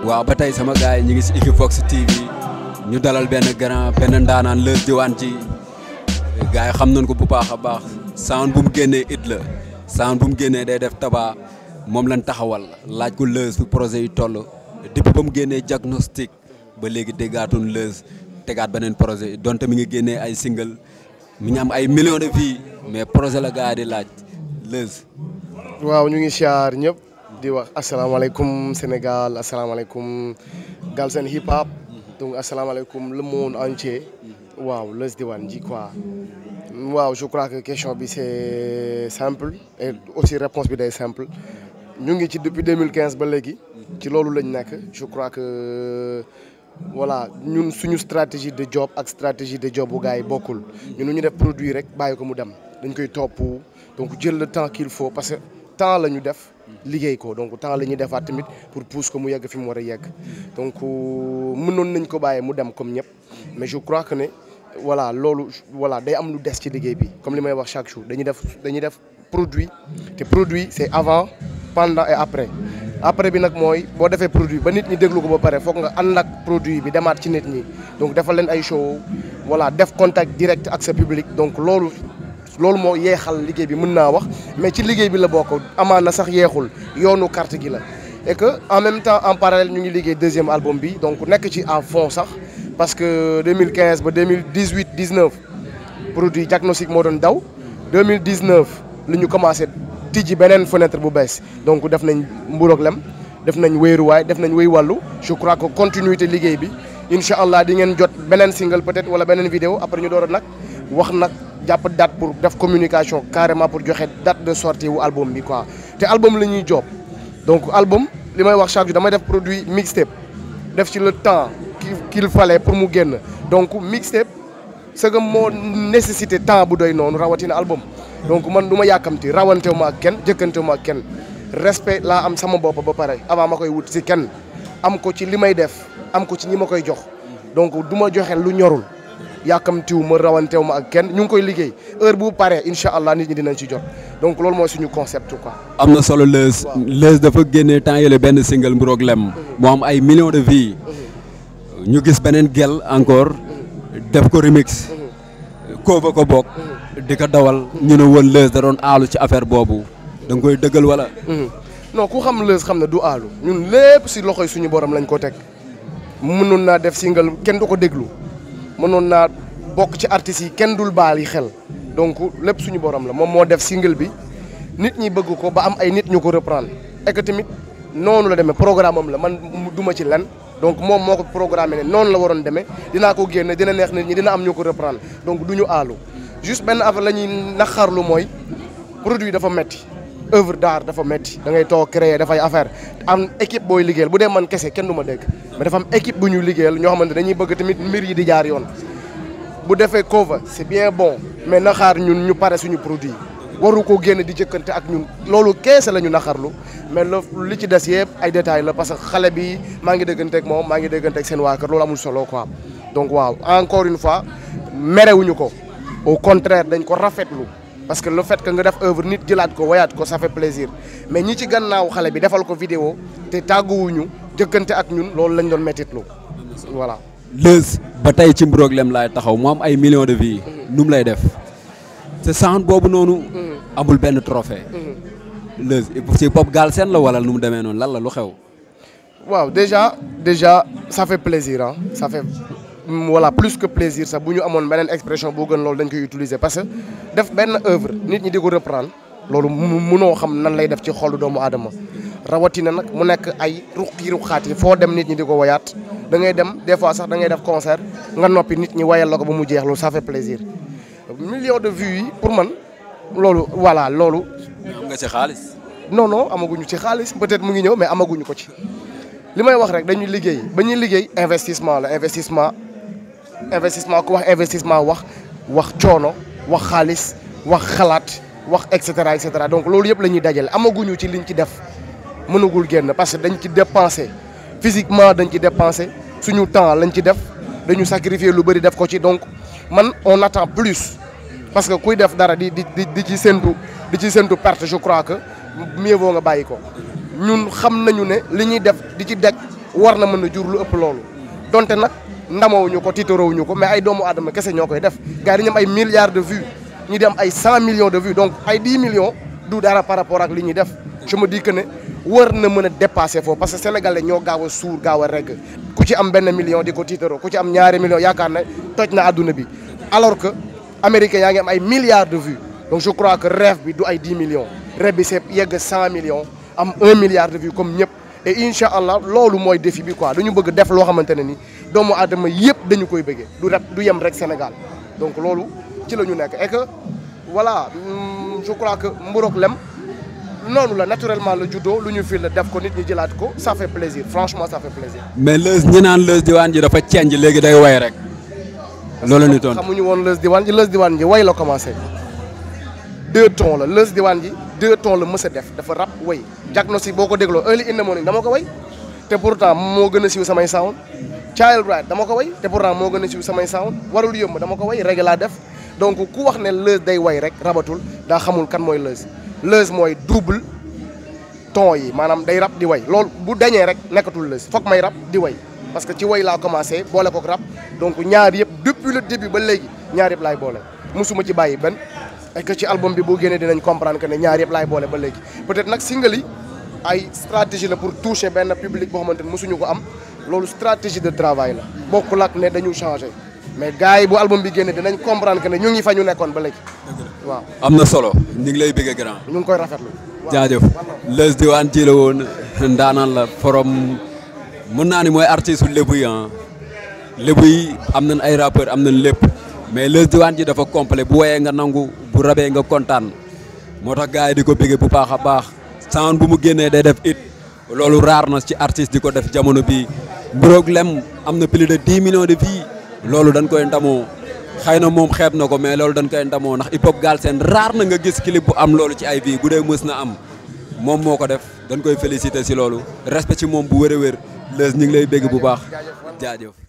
waaw ba tey sama gars yi ñu ngi si Equivox TV ñu dalal benn grand benn ndaanaan Leuz Diwane ji gars yi xam nañ ko bu baax a baax sound bu mu génnee it la sound bu mu génnee day def taba moom lañ taxawal laaj ko Leuz fi projet yi toll dip ba mu génnee diagnostic ba léegi déggaatoon Leuz tegaat beneen projet donte mi ngi génnee ay single mi ngi am ay millions de vues mais projet la gars di laaj Leuz waaw ñu ngi siyaar ñëpp di wax asalaamaaleykum Sénégal asalaamaaleykum Galsen hip hop donc asalaamaaleykum le monde entier waaw Leuz Diwane ji quoi waaw je crois que question bi c'est simple et aussi réponse bi day simple ñu ngi ci depuis 2015 ba léegi ci loolu lañ nakk je crois que wala ñun suñu stratégie de job ak stratégie de job bu gars yi bokkul ñun ñu def produit rek bàyyi ko mu dem dañ koy topp donc jël le temps qu'il faut parce que temps la ñu def liggéey ko donc temps la ñuy defaat tamit pour pousse ko mu yegg fi mu war a yegg donc euh, mënoon nañ ko bàyyee mu dem comme ñëpp mais je crois que ne voilà loolu voilà day am lu des ci liggéey bi comme li may wax chaque jour dañu def dañuy def produit te produit c'est avant pendant et après après bi nag mooy boo defee produit ba nit ñi déglu ko ba pare foog nga ànd ak produit bi demaat ci nit ñi donc defal ay show voilà def contact direct ak loolu moo yeexal liggéey bi mën naa wax mais ci liggéey bi la amaan amaana sax yeexul yoonu carte gi la et que en même temps en parallèle ñu ngi liggéey deuxième album bi donc nekk ci à fond sax parce que 2015 ba 2018 19 produit diagnostic moo doon daw 2019 la ñu commencé tijji beneen fenêtre bu bees donc def nañ Mbour ak Lem def nañ wéeruwaay def nañ wéy wàllu je crois que continuité liggéey bi incha allah di ngeen jot beneen single peut-être wala beneen vidéo après ñu door a wax nag. jàpp date pour def communication carrément pour joxe date de sortie wu album bi quoi te album la ñuy job donc album li may wax chaque jour damay def produit mixtape def ci le temps qu'il fallait pour mu génn donc mixtape sëgam moo nécessité temps bu doy noonu rawatina album donc man du ma yàkkamti rawantewu ma ak kenn jëkkantewu ma ak kenn respect laa am sama bopp ba pare avant ma koy wut si kenn am ko ci li may def am ko ci ñi ma koy jox donc du ma lu ñorul yàkkamtiwu ma rawantewu ma ak kenn ñu ngi koy liggéey heure bu paree incha allah nit ñi dinañ ci jot donc loolu mooy suñu concept ko am na solo Leuz Leuz dafa génne temps yële benn single Mburok Lem mu am ay millions de vie mhm. ñu gis beneen gel encore def ko remix mhm. koo ba ko bokk mhm. di ko dawal ñu ne woon Leuz da doon aalu ci affaire boobu da nga koy dëggal wala. non ku xam Leuz xam ne du aalu ñun lépp si loxoy suñu borom lañ ko teg mënoon naa def single kenn du ko déglu. mënoon naa bokk ci artistes yi kenn dul baal yi xel donc lépp suñu borom la moom moo def single bi nit ñi bëgg ko ba am ay nit ñu ko reprendre et noonu la demee programme am la man duma ci len donc moom moo ko programmé ne noonu la waroon demee dinaa ko génne dina neex nit ñi dina am ñu ko reprendre donc du ñu aalu juste benn affaire la ñuy naqarlu mooy produit dafa metti œuvre d'art dafa metti da ngay toog créer dafay affaire am équipe booy liggéeyal bu dee man kese kenn du ma dégg mais dafa équipe bu ñu liggéeyal ñoo xamante dañuy bëgg tamit mbir yi di jaar yoon bu defee cover c'est bien bon mais naxaar ñun ñu pare suñu produit waru ko génn di jëkkante ak ñun loolu keese la ñu naxarlu mais lu ci des yëpp ay détails la parce que xale bi maa ngi déggante ak moom maa ngi déggante ak seen waa kër loolu amul solo quoi donc waaw encore une fois merewuñu ko au contraire dañ ko rafetlu parce que le fet que nga def œuvre nit jëlaat ko wayaat ko ça fait plaisir mais ñi ci gannaaw xale bi defal ko vidéo te tàgguwuñu jëkkante ak ñun loolu lañ doon mettitlu voilà. Leuz ba tey ci problème laay taxaw mu am ay millions de vies mm-hmm. nu lay def te sànq boobu noonu. Mm-hmm. amul benn trophée. Mm-hmm. Leuz si pop seen la wala nu demee noonu lan la lu xew. waaw déjà déjà ça fait plaisir ah ça que plaisir sax bu ñu amoon beneen expression boo gën loolu dañ koy utiliser parce que def benn œuvre nit ñi di ko reprendre loolu munoo xam nan lay def ci xolu doomu aadama. rawatina nag mu nekk ay ruqi ruqaat yi foo dem nit ñi di ko woyaat da ngay dem des fois sax da ngay def concert nga noppi nit ñi woyal la ko ba mu jeex loolu ça fait plaisir million de vues yi pour man loolu voilà loolu. am xaalis. non amaguñu ci xaalis peut-être mu ngi ñëw mais amaguñu ko ci li may wax rek dañuy liggéey ba ñuy liggéey investissement la investissement investissement ku wax investissement wax wax coono wax xaalis wax xalaat wax et cetera et donc loolu yëpp la ñuy dajale amaguñu ci liñ ci def. mënagul génn parce que dañ ci dépensé physiquement dañ ci dépensé suñu temps lañ ci def dañu sacrifier lu bëri def ko ci donc man on attend plus parce que kuy def dara di di di ci séntu di ci séntu perte je crois que mieux vaut nga bàyyi ko ñun xam nañu ne li ñuy def di ci dekk war na man a jur lu ëpp loolu donte nag ndamawuñu ko tiitaroowuñu ko mais ay doomu aadama kese ñoo koy def gars yi dañu am ay milliards de vues ñu dem ay cent millions de vues donc ay dix millions du dara par rapport ak li ñuy def je me dis que ne war na mën a dépasser foofu parce que sénégalais ñoo gaaw a suur gaaw a regg ku ci am benn million di ko tiitaroo ku ci am ñaari million yaakaar na toj na àdduna bi alors que américain yaa ngi am ay milliards de vues donc je crois que rêve bi du ay dix millions rêve bi c'est yegg cent millions am un milliard de vues comme ñëpp et incha allah loolu mooy défi bi quoi dañu bëgg def loo xamante ne ni doomu aadama yëpp dañu koy bëggee du rek du yem rek Sénégal donc loolu ci ñu nekk voilà mm, je crois que mburook lem noonu la naturellement la juddoo lu ñu fii la def ko nit ñi jëlaat ko sa fait plaisir franchement ça fait plaisir. mais Leuz ñi naan Leuz diwaan ji dafa ceeñ léegi day way rek. loolu la ñu doon xamuñu woon Leuz Diwane ji Leuz Diwane ji way la commencé. deux tons la Leuz Diwane ji deux tons la mës def dafa rap way diagnostic boo ko dégloo early in dama ko way te pourtant moo gën a siiw samay sound child right dama ko way te pourtant moo gën a siiw samay sound warul yëmb dama ko way reggae laa def donc ku wax ne Leuz day way rek rabatul daa xamul kan mooy Leuz lëz mooy double ton yi maanaam day rab di way lool bu dañee rek nekkatul lëz foog may rab di way parce que ci way laa commencé boole kook rab donc ñaar yëpp depuis le début ba léegi ñaar yëpp laay boole musuma ci bàyyi benn et ci album bi boo génnee dinañ comprendre que ne ñaar yëpp laay boole ba léegi peut-être nag single yi ay stratégie la pour toucher benn public boo xamante ne ko am loolu stratégie de travail la bokk ak ne dañu changé mais gars yi bu album bi génnee dinañ comprendre que ne ñu fa ñu nekkoon ba léegi waaw am na solo ñu lay bëgg grand. ñu ngi koy rafetlu. jaajëf Leuz Diwane ji la woon ndaanaan la forom mën naa ni mooy artiste su lébu yi ah lébu yi am nañ ay rappeur am nañ lépp mais Leuz Diwane ji dafa complet bu woyee nga nangu bu rabee nga kontaan moo tax gars yi di ko bëggee bu baax a baax sound bu mu génnee day def it loolu raar na ci artiste di ko def jamono bi lem am na plus de 10 millions de vues loolu dañ koy ndamoo. xëy na moom xeeb na ko mais loolu dañ koy ndamoo ndax hip hop Galsen raar na nga gis clip bu am loolu ci ay vie bu dee mës na am moom moo ko def dañ koy félicité si loolu respect ci moom bu wér a wér ñu ngi lay bégg bu baax jaajëf